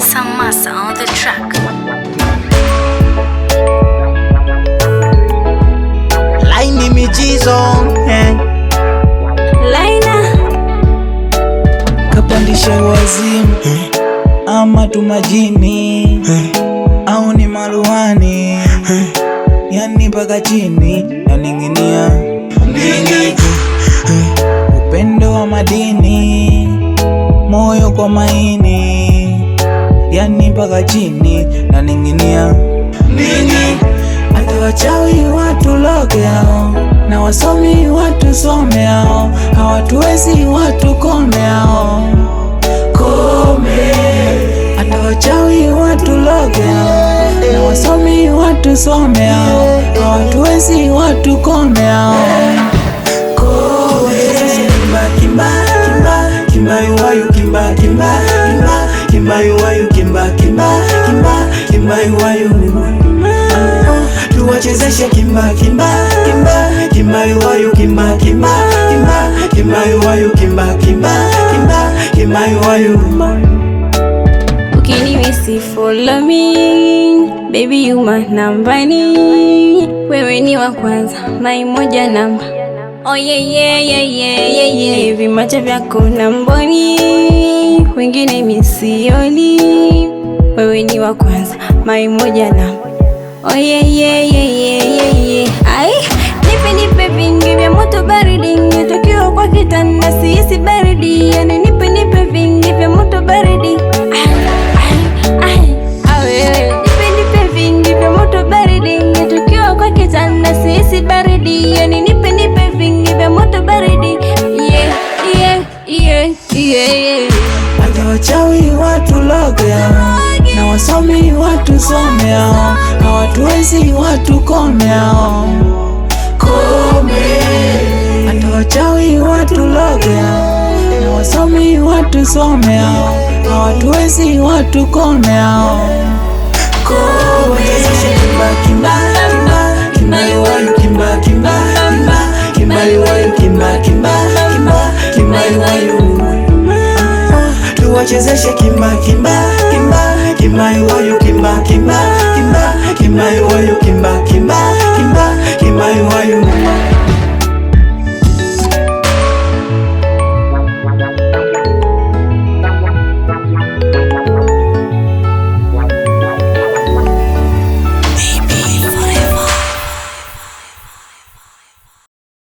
Samasa on eh. kapandisha wazimu eh. Ama tumajini eh. Au ni maruani eh. Yani mpaka chini naning'inia madini. upendo wa madini, moyo kwa maini, yani mpaka chini na ninginia nini. Hata wachawi watu loge hao, na wasomi watu some hao, hawatuwezi watu kome hao, kome. Hata wachawi watu loge hao, na wasomi watu some hao, hawatuwezi watu kome hao kimba kimba kimba kimba kimba kimba tuwachezeshe kimba kimba kimba kimba kimba kimba kimba kimba kimba kimba kimba kimba kimba kimba kimba ukinimisi follow me baby you my number wewe ni wa kwanza mai moja namba oh yeah yeah yeah yeah yeah vimacho vyako namboni wengine mi wewe ni wa kwanza mai moja na oyeyeyeyeyeye ai nipe nipe vingi vya moto baridi tukiwa kwa kitanda siisi baridi yani nipe nipe vingi vya moto baridi yani nipe nipe vingi vya moto baridi Aja wachawi watu logea, na wasomi watu somea, na watu wezi watu komea, aja na watu someao, watu wezi watu wachezeshe kimba kimba kimba kimba kimba kimba kimba